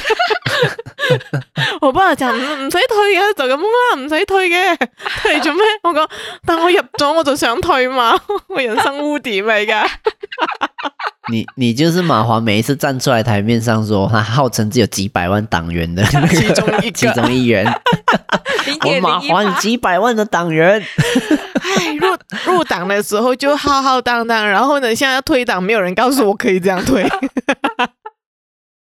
我爸不就唔唔使退嘅，就咁啦，唔使退嘅，退做咩？我講，但我入咗我就想退嘛，我人生污點嚟㗎。你你就是馬華每一次站出來台面上說，他號稱只有幾百萬黨員的 其中一個其中一員。 我馬華幾百萬的黨員， 哎、入入黨的時候就浩浩蕩蕩，然後呢，現在要退黨，沒有人告訴我可以這樣退。